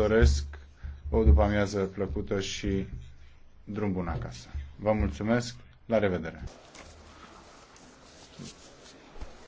doresc o după amiază plăcută și drum bun acasă. Vă mulțumesc, la revedere!